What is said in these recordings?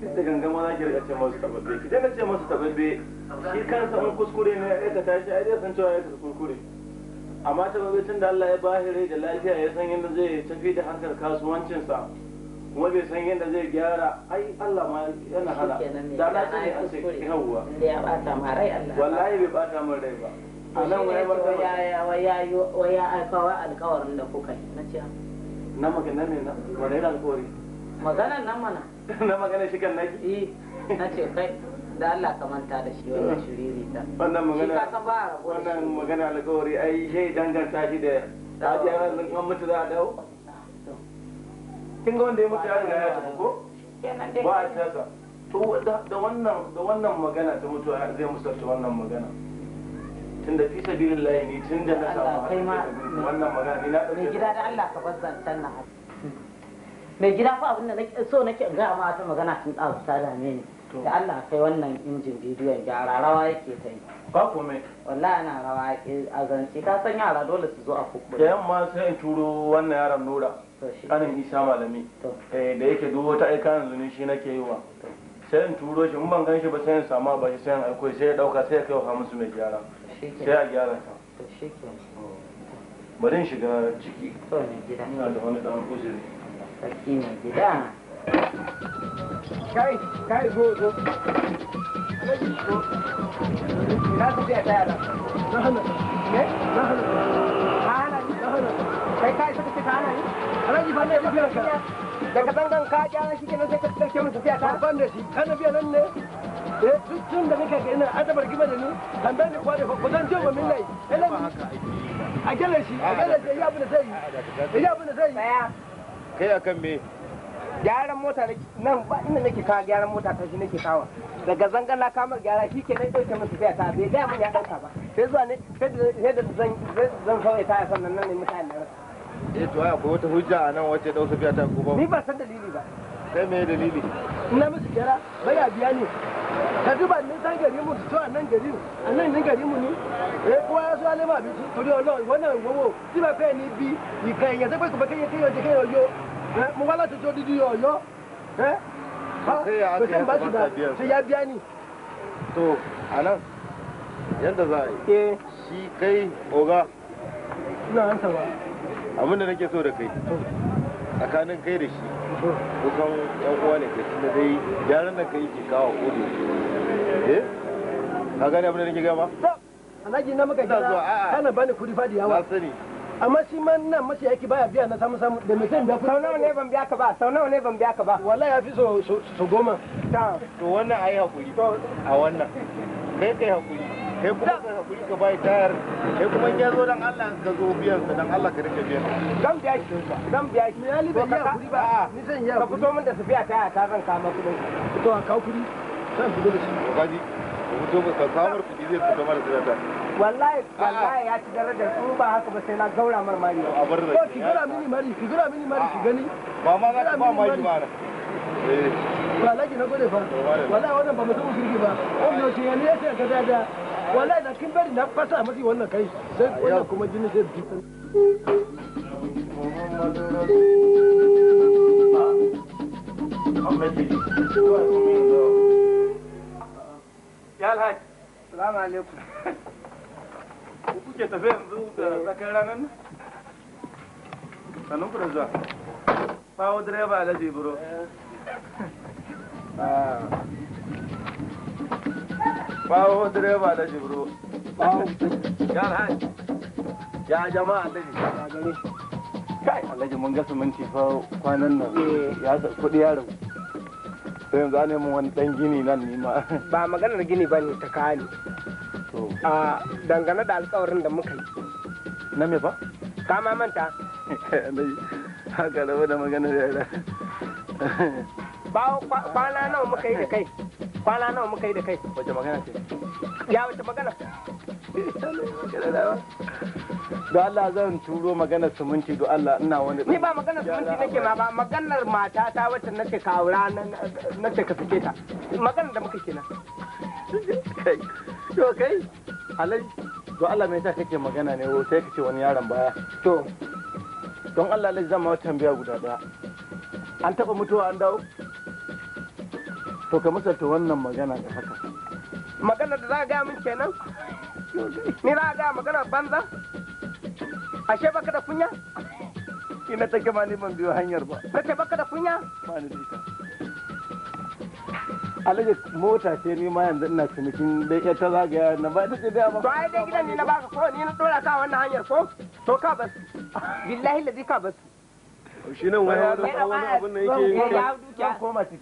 duk da gangama za ki ce masu tababbe ki dana ce masu tababbe shi kansa in kuskure ne ya ka tashi ai zai san cewa ya ka kuskure amma tababbe tun da Allah ya bahire da lafiya ya san yadda zai tafi da hankar kasuwancinsa kuma bai san yadda zai gyara ai Allah ma yana hala da na ce ne an ce Allah wallahi bai bata min rai ba a nan wani martaba wa ya wa aikawa alƙawarin da kuka yi na ce na maganar ne na wani alkawari maganan nan mana na magana shi kan naki eh na ce kai da Allah ka manta da shi wannan shiriri ta wannan magana shi ka san ba wannan magana alƙawari ai sai danganta shi da ta ji an nan mutu za a dawo kin ga wanda ya mutu ya riga ya tafi ko ba ta tasa to da da wannan da wannan magana ta mutu zai musalta wannan magana tunda fi sabilillahi ne tunda na samu wannan magana ne na gida da Allah ka bazzantan na mai gida fa abin da so nake in gaya ma ta magana tun su ta ne ni da Allah kai wannan injin bidiyon gyara rawa yake ta yi ba kome wallahi ana rawa yake a zance ka san yara dole su zo a kukkuri da yamma sai in turo wannan yaran nura kanin isa malami eh, da yake duk wata aika yanzu ne shi nake yi wa sai in turo shi in ban gan shi ba sai in samu ba shi sai in aiko sai ya dauka sai ya kai wa musu mai gyara sai a gyara ta bari in shiga ciki ina da wani dan uzuri sarki mai gida kai kai na tafi a tayar na hana ne na hana ka hana ni na hana kai kai suka ce ka hana ni ya ka gyara shi kenan sai ka tafiya ta ban kana biya nan ne eh tun da nake ga ina gima da ni kan zan je ba min lai a shi a shi ya abin da zai yi ya abin da zai yi kai kan me gyaran mota nan ba inda nake kawo gyaran mota ta shi nake kawo daga zanga na kama gyara shi ke nan ɗauke musu biya ta bai gaya mun ya ɗauka ba sai zuwa ne sai da zan sauya ta sannan nan ne mutane na rasa eh to akwai wata hujja a nan wacce ɗauka biya ta ko ba ni ba san dalili ba kai me dalili ina musu kira baya biya ne ka duba ne san gari mu to nan gari a nan ne gari mu ne eh kowa ya so alema bi torí Ọlọ́run wannan wowo tí ba kai ni bi ìkan èèyàn sẹpẹ kò fẹ́ kéye kéye ọjọ́ kéye ọjọ́ mo wá láti tó dídí Ọ̀yọ́ ẹ ba sai ba su ba sai ya biya ni to anan yadda za a yi eh. shi kai oga ina ansa ba abinda nake so da kai tsakanin kai da shi kusan yan uwa ne ka tunda dai eh? na gida kana bani na sani amma shi ma nan mace yake baya biya na samu samu da mutum biya kudi sau nawa ne ban biya ka ba sau nawa ne ban biya ka ba wallahi ya fi so goma to wannan yi hakuri a wannan kai kai hakuri kai kuma ka hakuri ka bai tayar kai kuma ya zo dan Allah ka zo biyan sa dan Allah ka rike biyan zan biya shi zan biya shi ni ali ya hakuri ba ni zan ya ka fito min da tafiya ta ta zan kama kudin fito an kawo kudi zan fito da shi baji ka fito ba ka samar kudi zai fito mara sirata wallahi wallahi ya ci darajar in ba haka ba sai na gaura mar mari a bar da ki gura mini mari ki gura mini mari ki gani ba ma za ka ba mari ba eh ba laki na gode fa wallahi wannan ba mutum kirki ba wannan ce ne ya ce ka da wallahi da kin bari na fasa a matsi wannan kai sai wannan kuma jini zai bi ya alhaji salamu alaikum ku kuke yanzu da tsakar ranar nan ku da zuwa direba alhaji bawo direba na jibro ya ya jama'a alhaji kai alhaji mun kwanan nan eh. ya kuɗi ya rabu sai yanzu an mun wani gini nan ni ma ba maganar gini ba ne ta kani a dangane da alkawarin da muka yi na me ka ma manta haka rabu da maganar yara kwana nawa muka yi da kai kwana nawa muka yi da kai wace magana ce ya wace magana don Allah zan turo maganar suminti don Allah ina wani ni ba maganar suminti nake ma ba maganar mata ta wacce nace ka aura nace ka fice ta maganar da muka kenan kai kai alai do Allah me yasa kake magana ne wo sai kace wani yaron baya to don Allah lai zan ma tambaya guda daya an taba mutuwa an dawo to ka musanta wannan magana da haka magana da za gaya min kenan ni za gaya magana banza ashe baka da kunya ina ta gama ni ban biyo hanyar ba kace baka da kunya ba ni da ita alaji mota ce ni ma yanzu ina cinikin dai ta zagaya na ba ta ce da ba to ai dai gidan ni na baka ko ni na dora ka wannan hanyar ko to ka bas billahi ladika ka bas shi nan wani wani abin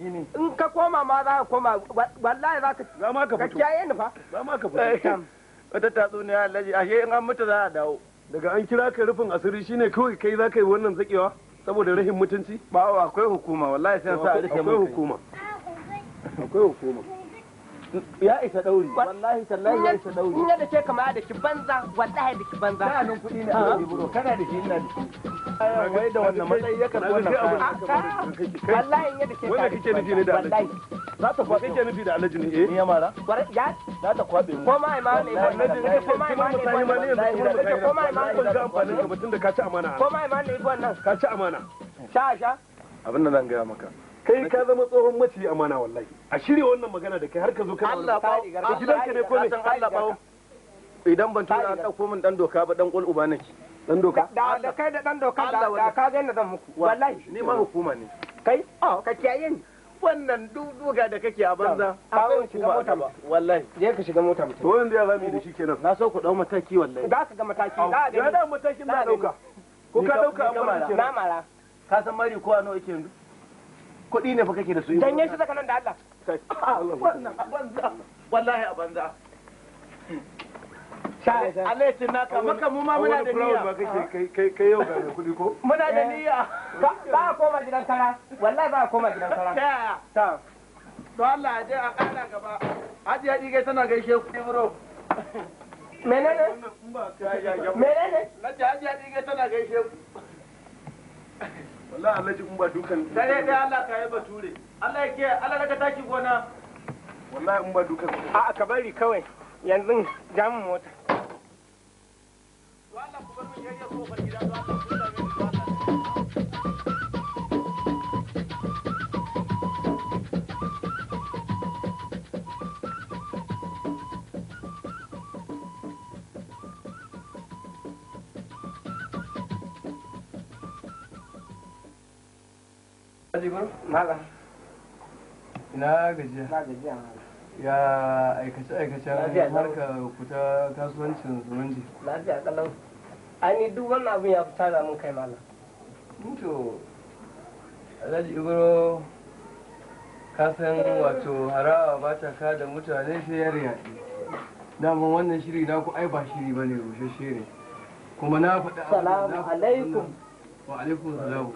in ka koma ma za koma wallahi za ka za ma an mutu za dawo daga an kira ka rufin asiri shine kawai kai za ka yi wannan zakewa saboda rahin mutunci ba akwai hukuma wallahi sai sa a rike akwai akwai hukuma ya isa dauri wallahi tallahi ya isa dauri ina da ke kama da ki banza wallahi da ki banza kana nan kudi ne a biro kana da shi ina da shi wai da wannan matsayi ya karbi wannan wallahi ina da ke wannan kike nufi ne da wallahi za ta kwabe kike nufi da alhaji ne eh ni yamara ya za ta kwabe ko ma ma ne ko ma ma ne ko ma ma ne ko ma ma ne ko ma ma ne ko ma ma ne ko ma ma ne ko ma ma ne ko ma ma ne ko ma ma ne ko ma ma ne ko ma ma ne ko ma ma ne ko ma ma ne ko ma ma ne ko ma ma ne ko ma ma ne ko ma ne ko ma ma ma ne ko ma ma ma ne ko ma ma ma ne ko ma ma ma ne ko ma ma ma ne ko ma ma ma ne ko ma ma ma ne ko ma ma ma ne ko ma ma ma ne ko ma ma ma ne kai ka zama tsohon mace amana wallahi a shirya wannan magana da kai har ka zo kana Allah ba a gidanka ne ko ne Allah ba idan ban tura an dauko min dan doka ba dan kul uba nake dan doka da da kai da dan doka da ka ga na zan muku wallahi ni ma hukuma ne kai a oh, ka kiyaye ni wannan duduga da kake a banza a kai shiga mota ba wallahi je ka shiga mota mutum to wanda ya zami da shi kenan na so ku dau mataki wallahi za ka ga mataki za ga da matakin da dauka ko ka dauka amma na mara ka san mari ko ano yake yanzu kuɗi ne fa kake da su yi janye shi tsakanin da Allah wallahi a banza naka maka mu ma muna da niyya kai yau kuɗi ko muna da eh. niyya ba a koma gidan wallahi ba a koma gidan ta yaya ta to Allah ya je a ƙara gaba kai tana gaishe ku menene menene na haji haji kai tana gaishe ku wallahi alhaji ji ba dukan dai Allah ka yi bature Allah ya ke Allah gona wallahi in ba dukan a ka bari kawai yanzu jamin mota to Allah ku bar ko ba gida to Allah Aji gurin? Malam. Ina gajiya. Na gajiya Ya aikace aikace marka fita kasuwancin zumunci. Lafiya kalau. Ani duk wannan abin ya fita da mun kai malam. Mutu. Alhaji Ibro ka san wato harawa ba ta ka da mutane sai ya riyaɗi. Daman wannan shiri na ku ai ba shiri ba ne rushe shiri. Kuma na faɗa abin da na faɗa. Salamu alaikum. Wa alaikum salam.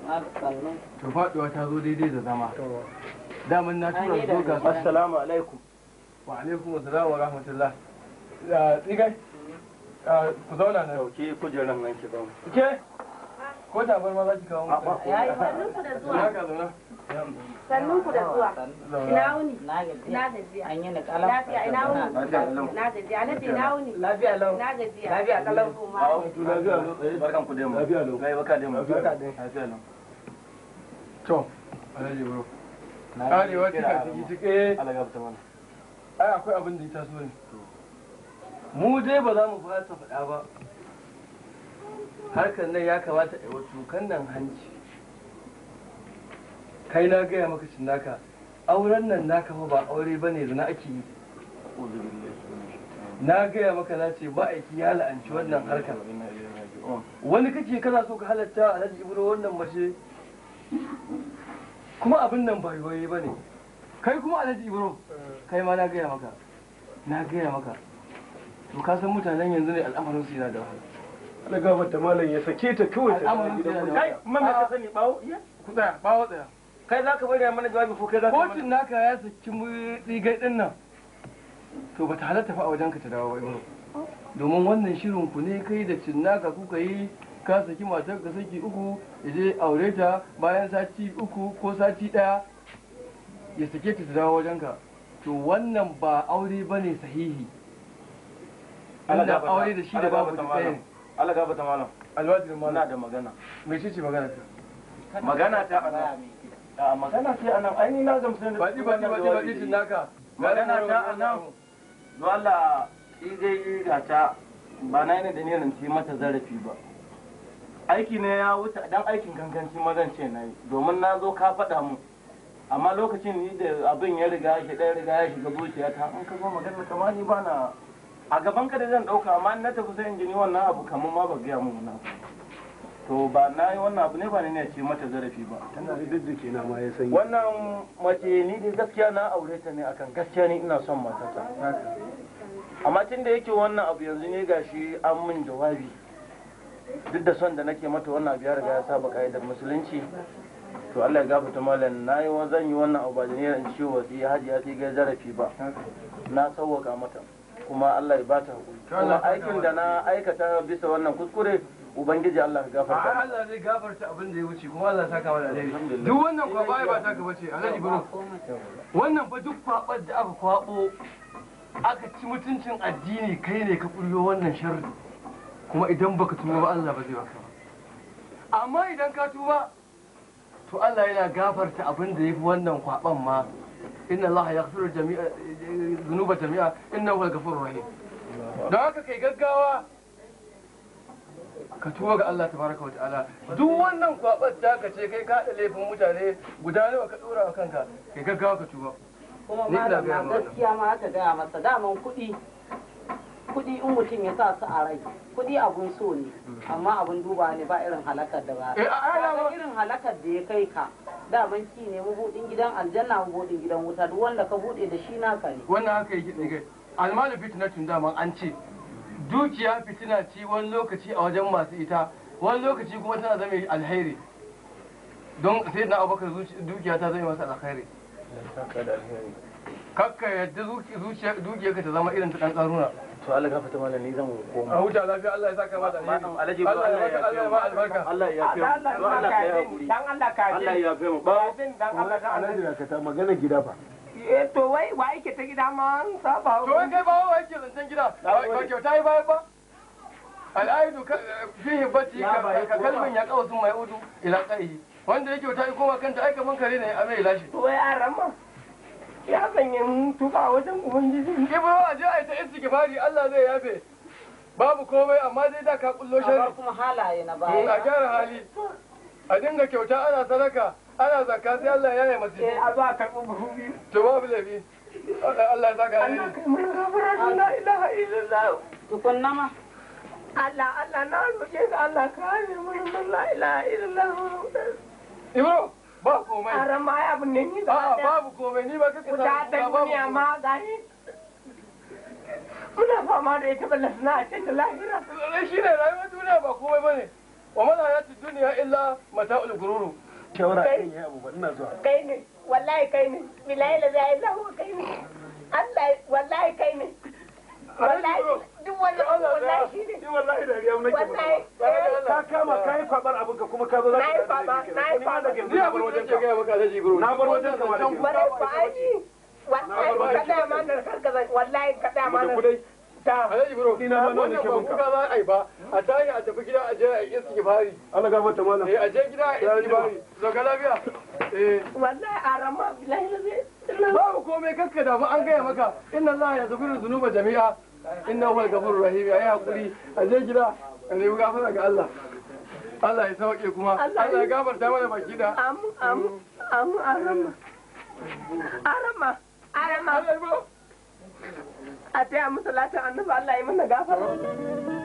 to faduwa ta zo daidai da zama daman na tura zo ga assalamu alaikum wa alaikum assalam wa rahmatullah tsigai ku zauna na dauke kujerar nan ki ba ke ko da bar ma za ki kawo mu yayi sannun ku da zuwa sannun ku da zuwa ina wuni na gajiya kalam lafiya ina wuni na gajiya na na wuni lafiya lau na gajiya lafiya kalam lafiya lau eh, barkan ku lafiya lau eh, baka lafiya lau to alhaji bro ai akwai abin da ya taso ne mu dai ba za mu ta faɗa ba harkar nan ya kamata a wato kan nan hanci kai na gaya maka cin naka auren nan naka kama ba aure ba ne zana ake yi na gaya maka na ce ma'aiki ya la'anci wannan harkar wani kake kana so ka halatta a alhaji ibro wannan mace kuma abin nan ba yoyi ba ne kai kuma alhaji ibro kai ma na gaya maka na gaya maka to ka san mutanen yanzu ne al'amarin su yana da wahala na gabar da malam ya sake ta kawai ta gidan kai man da ka sani bawo ku tsaya bawo tsaya kai zaka bari mana jawabi ko kai zaka kotun naka ya saki mu tsigai din nan to bata halatta fa a wajenka ta dawo ba domin wannan shirin ku ne kai da cinnaka kuka yi ka saki matar ka saki uku ya je aure ta bayan sati uku ko sati daya ya sake ta ta dawo wajenka to wannan ba aure bane sahihi Allah aure da shi da babu tsayin Allah gaba ta malam alwajirin malam na da magana me ce ce magana ta magana ta a magana ce anan ai ni na gamsu da baɗi baɗi baɗi baɗi tun naka magana ta anan don Allah idai ga ta ba na yana da niyyar ce mata zarafi ba aiki ne ya wuce dan aikin ganganci mazan ce na yi domin na zo ka faɗa mu amma lokacin ni da abin ya riga shi ɗaya riga ya shiga zuciyata in ka zo magana kamar ni ba na a gaban ka da zan dauka amma na tafi sai in ji wannan abu kamar ma ba gaya mu na to ba na yi wannan abu ne ba ne ne ce mata zarafi ba tana da duk na ma ya sanya wannan mace ni dai gaskiya na aure ta ne akan gaskiya ni ina son matata amma tun da yake wannan abu yanzu ne gashi an min jawabi duk da son da nake mata wannan abu ya riga ya saba ka'idar musulunci to Allah ya gafarta malam na yi wa zan yi wannan abu ba da ne in ce wasi hajiya sai ga zarafi ba na sauwaka mata kuma Allah ya bata hakuri kuma aikin da na aikata bisa wannan kuskure ubangiji Allah ya gafarta a Allah zai gafarta abin da ya wuce kuma Allah ya saka mana alheri duk wannan bai ba ta ka bace Allah ibro wannan fa duk kwabar da aka kwabo aka ci mutuncin addini kai ne ka kullo wannan sharri kuma idan baka tuba ba Allah ba zai baka ba amma idan ka tuba to Allah yana gafarta abin da yafi wannan kwaban ma inna Allah ya gafiru zunuba jami'a inna huwa gafuru rahim don haka kai gaggawa ka tuwa ga Allah tabaraka wa ta'ala duk wannan kwabar ta ka ce kai ka haɗa laifin mutane guda nawa ka ɗora a kanka kai gaggawa ka tuba kuma malama gaskiya ma ka gaya masa daman kuɗi kuɗi in mutum ya sa su a rai kuɗi abun so ne amma abun duba ne ba irin halakar da ba irin halakar da ya kai ka daman ki ne mabudin gidan aljanna mabudin gidan wuta duk wanda ka bude da shi naka ne wannan haka yake ne almalu fitnatun daman an ce dukiya fitina ce wani lokaci a wajen masu ita wani lokaci kuma tana zama alheri don sai na abubakar dukiya ta zama masa alheri kakka yadda ka ta zama irin ta ɗan karuna to Allah gafarta mana ni zan koma a huta lafiya Allah ya saka ba da ba Allah ya Allah ya mu, Allah ya yafe mu Allah ya hakuri dan Allah ka Allah ya yafe mu ba abin dan Allah ka Allah ka mu, magana gida fa eh to wai wa yake ta gida ma an saba to wai kai ba wa yake zancen gida ba kyauta yi bayan ba al'aidu fihi bati ka kalmin ya kawo sun mai udu ila kai wanda yake kyauta yi koma kanta ai kaman kare ne a mai lashi to wai an ya sanya mun tuba wajen ubangiji in dai ba a je a yi ta istighfari Allah zai yafe babu komai amma zai da ka kullo shari kuma halaye na baya a gyara hali a dinga kyauta ana sadaka ana zakka sai Allah ya yi masu eh, a zuwa karɓi buhu biyu to babu lafi Allah ya saka ni Allah kai mun gafara la ilaha illallah tukunna ma Allah Allah na roƙe ka Allah ka yi mun la ilaha illallah Ibro ba komai a ran ya abin ne ni ba babu komai ni ba ka ka K'u ta duniya ma gani muna fama da ita ballan suna a cikin lahira shi ne rayuwar duniya ba komai bane wa mana ya ci duniya illa mata gururu shawara kai ne abu ba ina zuwa kai ne wallahi kai ne bilayi la ilaha illa kai ne Allah wallahi kai ne wallahi duk wani wallahi wallahi da nake eh. ka kama kai kwabar abin ka kuma ka zo zaka yi kwaba na yi kwaba ni abin wajen ka ga maka zai bro na bar wajen ka wallahi aji ka da ma karka wallahi ka da ma ta ma ke bunka ba za a ba a tayi a tafi gida a je a yi istighfari Allah gafa ta mallam eh a je gida a yi istighfari lafiya eh wallahi billahi ba an gaya maka inna Allah ya zubiru zunuba jami'a inna huwa gafur rahim ya yi hakuri a je gida a nemi gafara ga Allah Allah ya sauke kuma Allah ya gafarta mana baki da amu amu amu arama arama arama a ta musalata annabi Allah ya mana gafara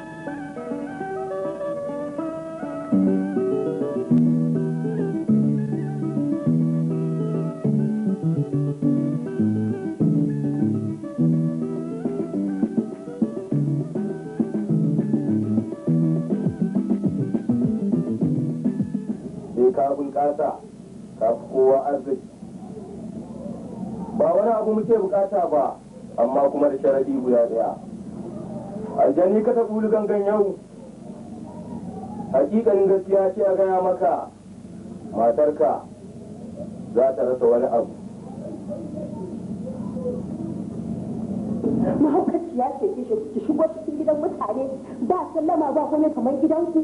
ka bunƙasa ka fi kowa arziki ba wani abu muke bukata ba amma kuma da sharadi guda daya aljani ka taɓu gangan yau hakikanin gaskiya ce a gaya maka matarka za ta rasa wani abu mahaukaciya ce ki shigo cikin gidan mutane ba sallama ba kuma kamar gidanku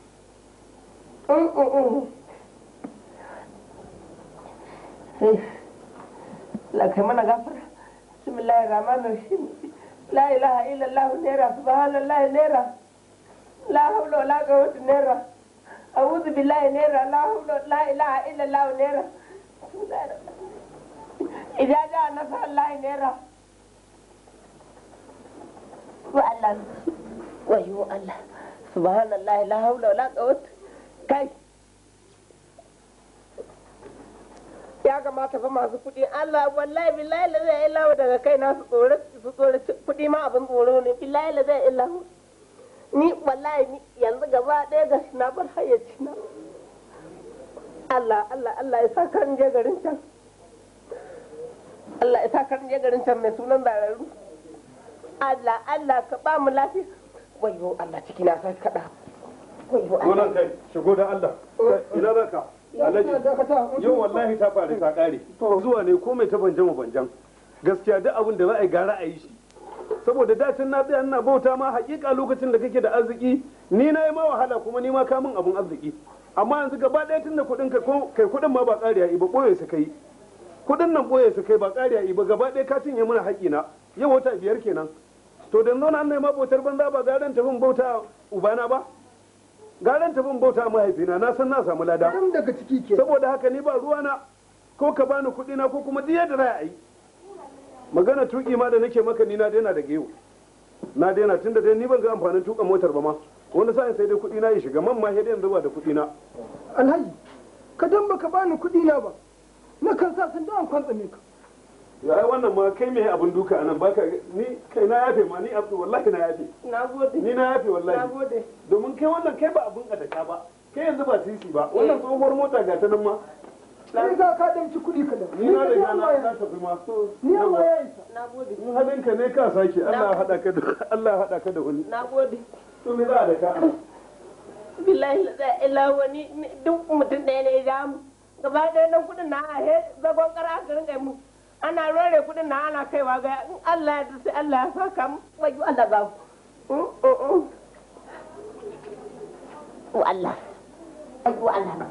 لكن من غفر بسم الله الرحمن الرحيم لا إله إلا الله نيرا سبحان الله نيرا لا حول ولا قوة نيرا أعوذ بالله نيرا لا حول لا إله إلا الله نيرا إذا جاء نصر الله نيرا وأعلم ويو الله سبحان الله لا حول ولا قوة kai ya kamata fa masu kuɗi Allah wallahi billahi la zai illa daga kai na su tsore su tsore kuɗi ma abin tsoro ne billahi la zai illa ni wallahi ni yanzu gaba ɗaya ga na bar hayyaci na Allah Allah Allah ya sa kan je garin can Allah ya sa kan je garin can mai sunan zararu Allah Allah ka ba mu lafiya wayo Allah ciki na sai kaɗa gonan kai shigo da Allah oh. ina alhaji yau wallahi ta faru ta kare zuwa ne komai ta banjan wa banjan gaskiya duk abin da za a gara a yi shi saboda dacin na tsaya ina bauta ma hakika lokacin da kake da arziki ni na yi ma wahala kuma ni ma kamun abun arziki amma yanzu gaba ɗaya tun da kuɗin kai kuɗin ma ba ƙariya ba ɓoye su kai kuɗin nan ɓoye su kai ba ƙariya ba gaba ɗaya ka cinye mana haƙina yau wata biyar kenan to da nuna an nema bautar banza ba garen tafin bauta ubana ba garan tafin bauta mahaifina na san na samu lada daga ciki saboda haka ni ba ruwa na ko ka bani kuɗi na ko kuma diya da rai a yi magana tuki ma da nake maka ni na daina da yau na daina tunda dai ni ban ga amfanin tuka motar ba ma wani sa'in sai dai kuɗi na ya shiga man ma sai dai zuba da kuɗi na alhaji ka dan baka bani kuɗi na ba na kan sa sun da an kwantsa ka ya ai wannan ma kai mai abin duka anan baka ni kai na yafe ma ni abu wallahi na yafe nagode ni na yafe wallahi nagode domin kai wannan kai ba abun adaka ba kai yanzu ba sisi ba wannan eh. tsohuwar mota ga ta nan ma ni za ka danci kudi ka da ni na da na na tafi ma ni amma ya isa nagode in hadin ka ne ka sake Allah ya hada ka da Allah ya hada ka da wani nagode to me za a da ka billahi la ilaha wani duk mutun da ya ne ya mu gaba da nan kudin na a he zagon kara ga garin mu ana rore kudin na ana kaiwa ga in Allah ya sai Allah ya saka mu bai Allah ba ku Oh Allah ai ku Allah ba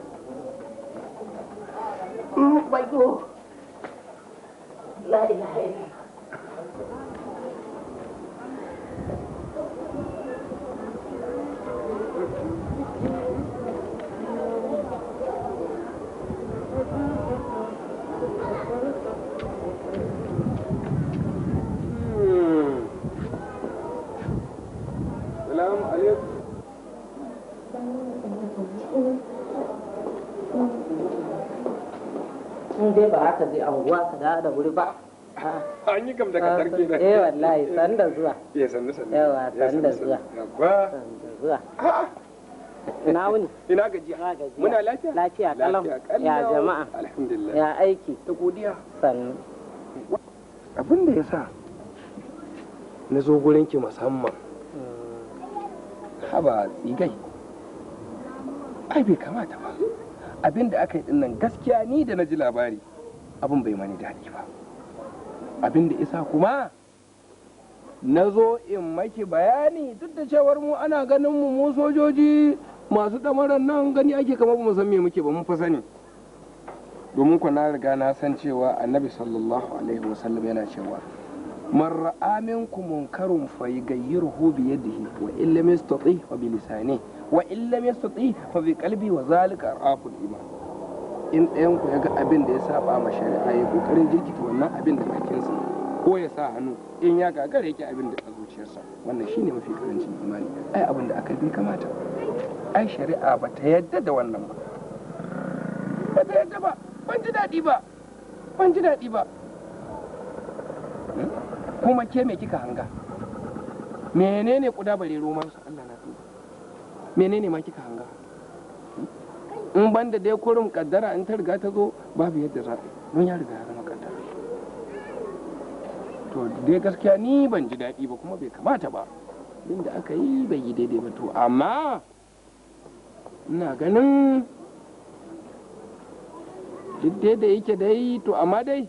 Oh ku la ilaha illallah dai ba haka je anguwa ka da da wuri ba an yi kam daga ah, tarki na eh wallahi san da zuwa eh, eh san da san yawa san da zuwa yawa ah. san da zuwa ina wuni ina gaji muna lafiya lafiya kalam ya jama'a alhamdulillah ya aiki ta godiya sannu abin da yasa na zo gurin ki musamman hmm. haba tsigai ai bai kamata ba abin da aka yi dinnan gaskiya ni da na ji labari abin bai mani daɗi ba abin da isa kuma na zo in maki bayani duk da cewar mu ana ganin mu mu sojoji masu damaran nan gani ake kama ba mu san me muke ba mun fa sani domin ku na riga na san cewa annabi sallallahu alaihi wasallam yana cewa man ra'a minkum munkarun falyughayyirhu bi yadihi wa in lam yastati fa bi lisanihi wa in lam yastati fa bi qalbi wa zalika araful iman in ɗayan ku yaga abin da ya saba ma shari'a ya kokarin jirkita wannan abin da bakinsa ko ya sa hannu in ya gagara yake abin da a zuciyarsa wannan shine mafi karancin imani ai abin da aka bi kamata ai shari'a ba ta yadda da wannan ba ba ta yadda ba ban ji daɗi ba ban ji daɗi ba kuma ke me kika hanga menene kuda bare roman su Allah na tuba menene ma kika hanga in ban da dai kurum kaddara in ta riga ta zo babu yadda za don ya riga ya zama kaddara to dai gaskiya ni ban ji daɗi ba kuma bai kamata ba inda aka yi bai yi daidai ba to amma ina ganin duk da yake dai to amma dai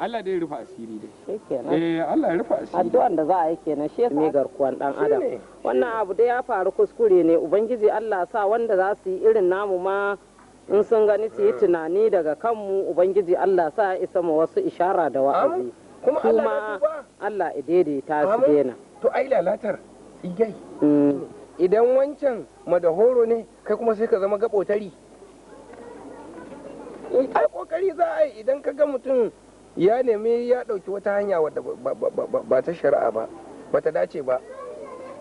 Allah dai rufa asiri dai. Eh Allah ya rufa asiri. Addu'an da za a yi kenan shi ne garkuwan dan adam. Wannan abu dai ya faru kuskure ne Ubangiji Allah sa wanda za su yi irin namu ma in sun gani su yi tunani daga kanmu Ubangiji Allah sa ya isa ma wasu ishara da wa'azi. Kuma Allah Allah ya daidaita su dena. To ai lalatar igai. Mm. Idan wancan madahoro ne kai kuma sai ka zama gabotari. Ai kokari za a yi idan ka ga mutum ya nemi ya ɗauki wata hanya wadda ba ta shari'a ba ba ta dace ba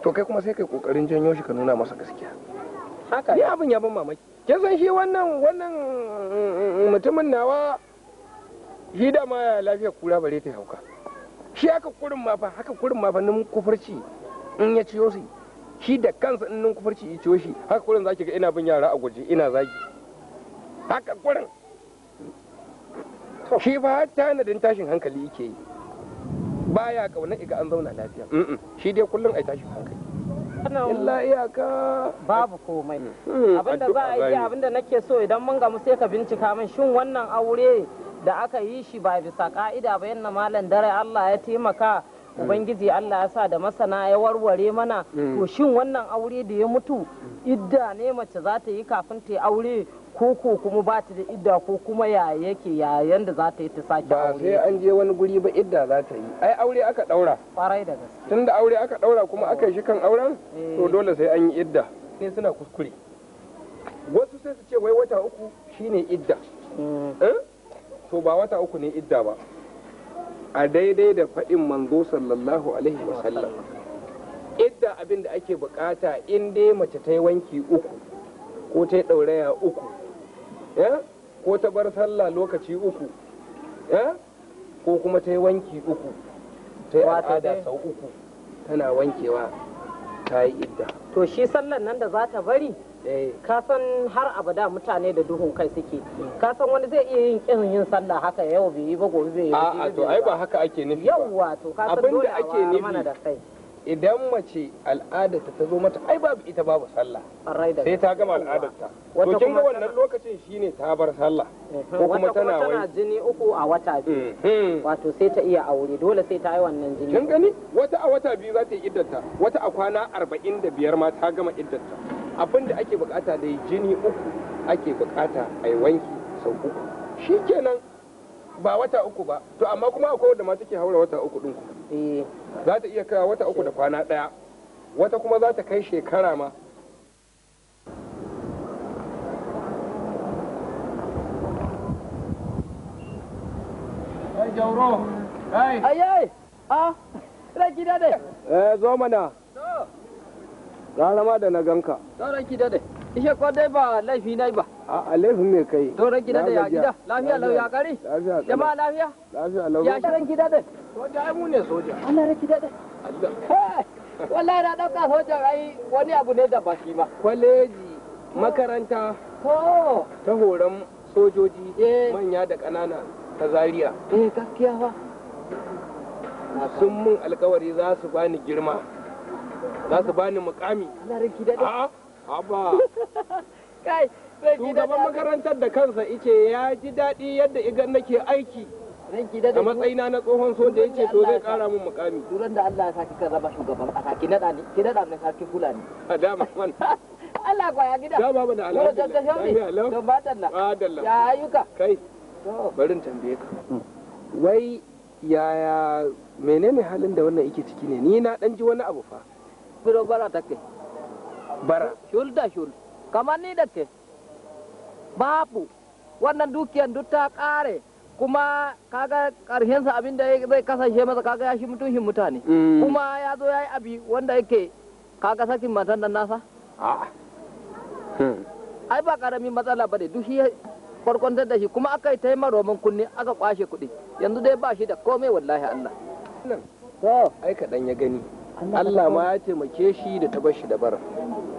to kai kuma sai kai kokarin janyo shi ka nuna masa gaskiya haka ni abin ya ban mamaki kin san shi wannan wannan mm, mm, mutumin nawa shi da ma lafiyar kura bare ta hauka shi haka kurin ma fa haka kurin ma fa nun kufurci in ya ciyo shi shi da kansa in nun kufurci ya ciyo shi haka kurin zaki ga ina bin yara a guje ina zagi haka kurin shi fa har tanadin tashin hankali yake yi baya kauna iga an zauna lafiya shi dai kullum ai tashin hankali illa iyaka babu komai mm, abinda za a yi abinda nake so idan mun gamu sai ka bincika min shin wannan aure da aka yi shi ba bisa ka'ida ba yanna malam dare Allah ya taimaka mm. ubangiji Allah ya sa da masana ya warware mana mm. to shin wannan aure da ya mutu idda ne mace za ta yi kafin ta yi aure koko kuma ba ta da idda ko kuma ya yake yayan da za ta yi ta sake aure ba sai an je wani guri ba idda za ta yi ai aure aka daura farai da gaske tunda aure aka daura kuma aka shi kan auren to eh. dole sai an yi idda sai suna kuskure wasu sai su ce wai wata uku shine idda hmm. eh? to ba wata uku ne idda ba a daidai da faɗin manzo sallallahu alaihi wasallam idda abin da ake bukata in dai mace ta yi wanki uku ko ta yi ɗauraya uku Eh? ko ta bar sallah lokaci uku eh? ko kuma ta yi wanki uku ta yi al'ada sau uku tana wankewa ta yi idda to shi sallan nan da za ta bari eh. ka san har abada mutane da duhun kai suke ka san wani zai iya yin kin yin sallah haka yau bai yi ba gobe bai yi a to ai ba haka ake nufi ba to ka san dole a da nufi idan mace al'adarta ta zo mata ai babu ita babu sallah sai ta gama al'adarta to kin ga wannan lokacin shine ta bar sallah eh, ko kuma tana wai tana jini uku a wata biyu mhm. wato sai ta iya aure dole sai ta yi wannan jini kin gani wata a wata biyu za ta yi iddata wata a kwana 45 ma ta gama iddata abin da ake bukata dai jini uku ake bukata ai wanki sau uku shikenan ba wata uku ba to amma kuma akwai wanda ma take haura wata uku din eh za ta iya kai wata uku da kwana daya wata kuma za ta kai shekara ma Ai jauro, ai. Ai ai. Ah, ran gida dai. Eh zo mana. Zo. Rana ma da na ganka. Zo ran gida dai. Ishe ko dai ba laifi nai ba. a laifin me kai doron gida da ya gida lafiya lau ya kari jama'a lafiya lafiya lau ya sharan gida da soja ai mu ne soja ana ran gida da wallahi na dauka soja ai wani abu ne da ba shi ba kwaleji makaranta to ta horon sojoji eh. manya da ƙanana ta zaria eh gaskiya ba sun mun alkawari za su bani girma za su bani mukami ana ran gida da a'a haba kai shugaban makarantar da kansa ice ya ji daɗi yadda igan nake aiki a matsayina na tsohon soja ya ce to zai kara mun mukami duran da Allah ya saki kan raba shugaban kasa ki nada ne ki nada ne kula ne a dama man Allah kwaya gida dama ba da Allah da ya ayyuka kai barin tambaye ka hmm. wai yaya menene halin da wannan yake ciki ne ni na dan ji wani abu fa biro bara take bara shul da shul kamar ni da ke babu wannan dukiyan duk ta kare kuma kaga karshensa abin da zai kasance masa kaga ya shi mutunshin mutane mm. kuma ya zo ya yi abi wanda yake kaga sakin matan nan nasa ah. hmm. ai ba karamin matsala ba ne duk farkon da shi kuma aka yi taimar roman kunni aka kwashe kuɗi yanzu dai ba shi da komai wallahi Allah to ai kaɗan ya gani Allah ma ya taimake shi da ta shi da bara